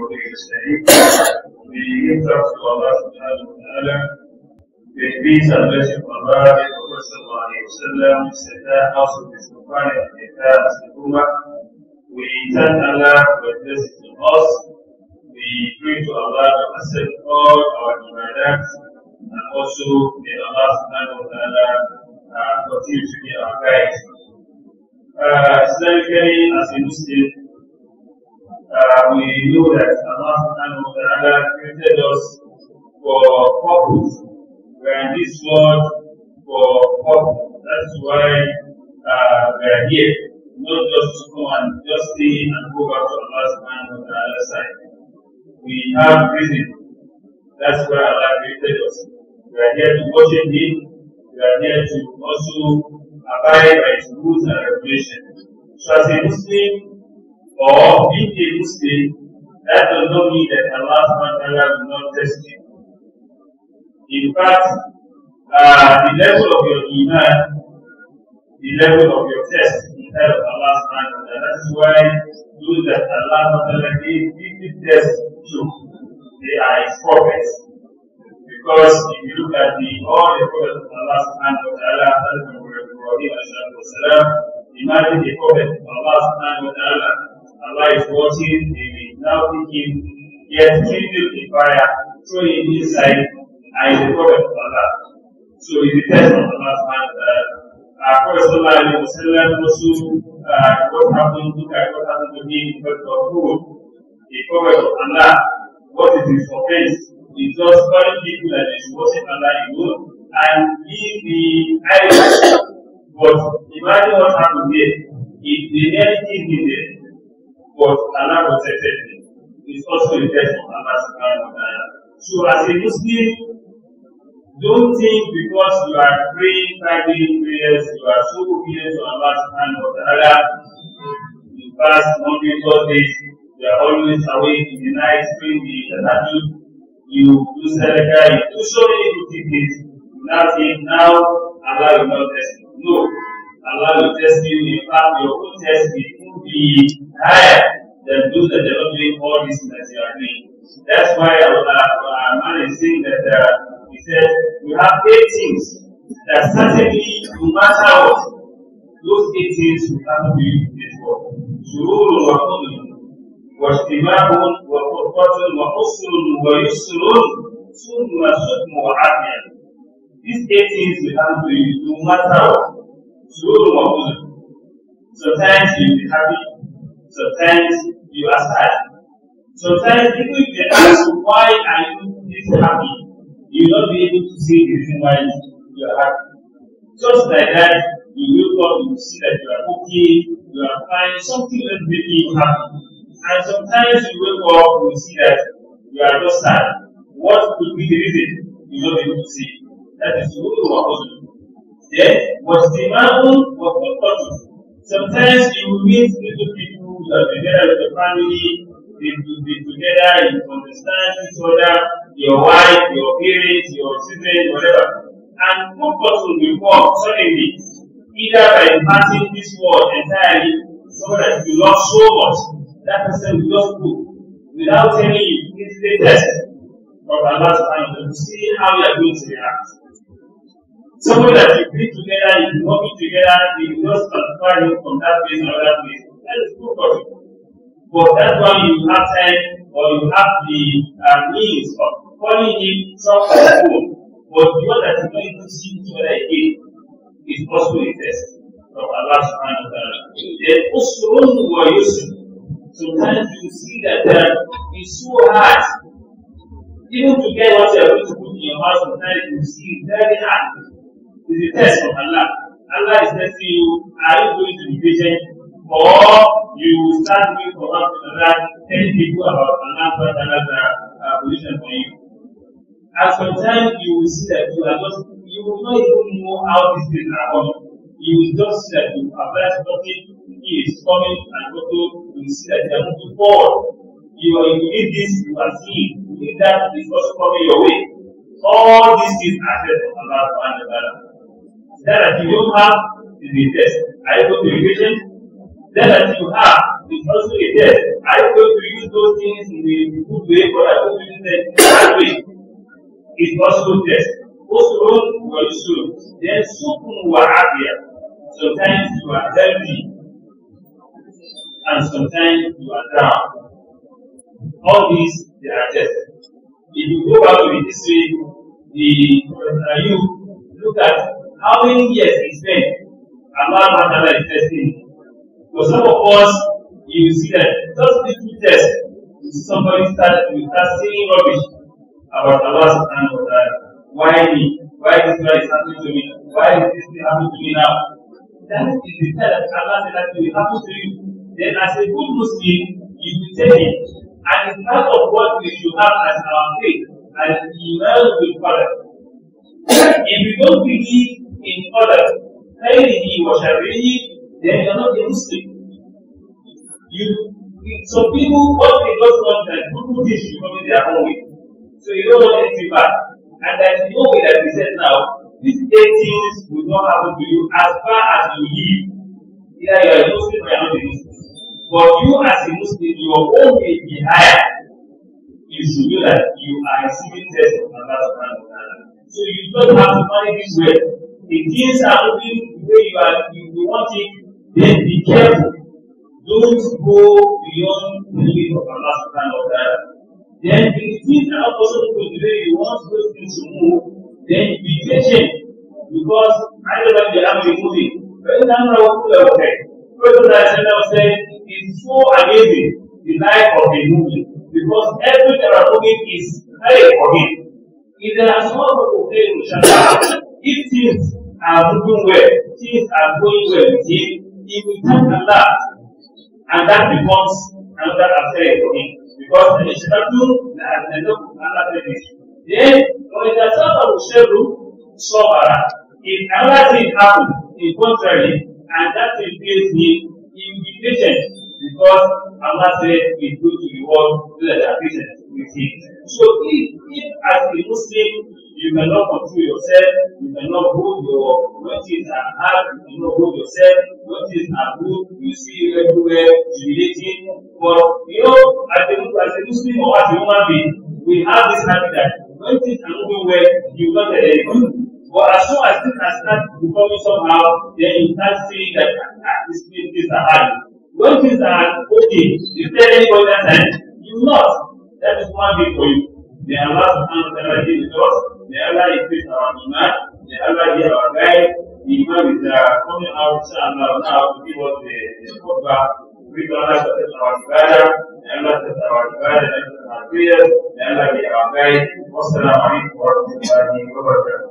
وبه نستعين بإمتاز الله سبحانه وتعالى تجبيس التي قرأت الرسول صلى الله عليه وسلم استدعاء أصل بسلطان احتفاء الحكومة وإيتان الله وإدرس الأصل We pray to Allah to accept all our ibadat and also may Allah subhanahu wa ta'ala request Allah subhanahu wa ta'ala created us for purpose. We are in this world for purpose. That's why uh, we are here. Not just to come and just stay and go back to Allah subhanahu wa ta'ala's side. We have reason. That's why Allah created us. We are here to worship Him. We are here to also abide by His rules and regulations. So as a Muslim, or being a Muslim That does not mean that Allah subhanahu will not test you. In fact, uh, the level of your iman, the level of your test is that of Allah subhanahu That is why those that Allah subhanahu gave the test to, they are his prophets. Because if you look at the all the prophets of Allah subhanahu wa ta'ala, Ibrahim Imagine the prophet of Allah subhanahu wa ta'ala. Allah is watching now thinking, yes, treated the fire, so in this side, and it's a problem for that. So it's the test of Allah uh, subhanahu wa ta'ala. Our Prophet sallallahu alayhi also, uh, what happened, look at what happened to him in terms of who, the Prophet of Allah, what is his offense? He just calling people that is worship Allah alone and leave the idols. But imagine what happened there. If the reality is there, but Allah protected him is also a test of Allah subhanahu wa ta'ala. So as a Muslim, don't think because you are praying Friday prayers, you are so obedient to Allah subhanahu wa ta'ala, past fast Monday, Thursdays, you are always away in the night, praying the Shataju, you do Sadaqah, you do so many good things. Now think now Allah will not test you. No. Allah will test you, in fact your own test will be higher. than those that are not doing all these things that they are doing. That's why our, our, man is saying that uh, he said, We have eight things that certainly, no matter what, those eight things we have to be faithful. شرور وقدر واجتماع soon, وحسن ويسر ثم more وعدل. These eight things we have to do no matter what. شرور وقدر. Sometimes you'll be happy, Sometimes you are sad. Sometimes people can ask you, why are you this happy? You will not be able to see the reason why you are happy. Just like that, you wake up, you see that you are okay, you are fine, something that make you happy. And sometimes you wake up, you see that you are just sad. What could be the reason? You will not be able to see. That is what you are supposed Then, What's the man was not possible. Sometimes you will meet little people put us together with the family, they, will be together, you understand each other, your wife, your parents, your children, whatever. And no person will walk suddenly, either by passing this world entirely, so that you love so much, that person will just go without telling you, it's the test of Allah's time to see how you are going to react. Someone that you bring together, you work it together, will just transfer you from that place to another place. Facebook or But that's why you have time or you have the uh, means of calling him some phone. But the one that you don't even see each other again is also a test from Allah subhanahu also ta'ala. Then Usurun wa Yusuf. Sometimes you see that uh, it's so hard even to get what you are going to put in your mouth. sometimes you see very hard. It's a test from Allah. Allah is testing you. Are you going to be patient? or you will start doing for one another, telling people about another another uh, position for you. And sometimes you will see that you are just you will not even know how these things are You will just see that you apply something, it is coming, and also you will see that you are moving forward. You are you need this, you are seeing, you need that, it also coming your way. All these things are said from Allah subhanahu wa ta'ala. That you don't have is the test. Are you going to be patient? Then that you have is also a debt. Are you going to use those things in a good way or are you using them in a bad way? It's also debt. Also, your soul. Then, sukun wa abia. Sometimes you are healthy and sometimes you are down. All these, they are debt. If you go back to it this way, the, uh, you look at how many years he spent. Allah Ta'ala is testing For some of us, you see that just little test, somebody start you start saying rubbish about Allah subhanahu wa ta'ala. Why me? Why this guy is happening to me? Why is this thing happening to me now? That is the test Allah said that will happen to you. Then as a good Muslim, you will take it. And it's part of what we should have as our faith, as the email with Qadr. if we don't believe in Qadr, خيره وشره, then you're not a Muslim. You, some people, what they just want that good this should come in their own way. So you don't want anything back. And there's no way that we said now, these eight things will not happen to you as far as you live. Either you are a Muslim or not a Muslim. But you as a Muslim, your own may be higher. You should know that you are receiving test of another subhanahu So you don't have to manage this well. If things are moving the way you are you want it, then be careful don't go beyond the limit of Allah subhanahu wa ta'ala. Then if you see that person will do you want those things to move, then be patient. Because I don't like the army moving. Very number of people are okay. Prophet said, it's so amazing the life of a movie. Because every therapeutic is very for him. If there are small people playing with if things are moving well, things are going well with him, he will thank Allah And that becomes another affair for me. Because the Shiratu has the look another thing. Then, when the son of room, saw her, if another thing happened, in contrary, and that thing feels him impatient because Allah said it's good to the world to the patient with it. So if, if as a Muslim, you may not control yourself, you may not hold your what is at you know, hold yourself, what is at good, you see everywhere, humiliating. But you know, as a, as a Muslim or as a human being, we have this habit that when things are moving well, you not get anything. But as soon as things are start becoming somehow, then you start seeing that ah, these things are hard. When things are okay, you tell anybody that you not. That is one thing for you. May Allah subhanahu wa ta'ala with us. May Allah increase our iman. May Allah be our guide. iman is uh, coming out, inshallah, now to give us the, the We don't have to test our ibadah. May Allah test our ibadah and our prayers. May Allah be our guide. Wassalamu alaikum warahmatullahi wabarakatuh.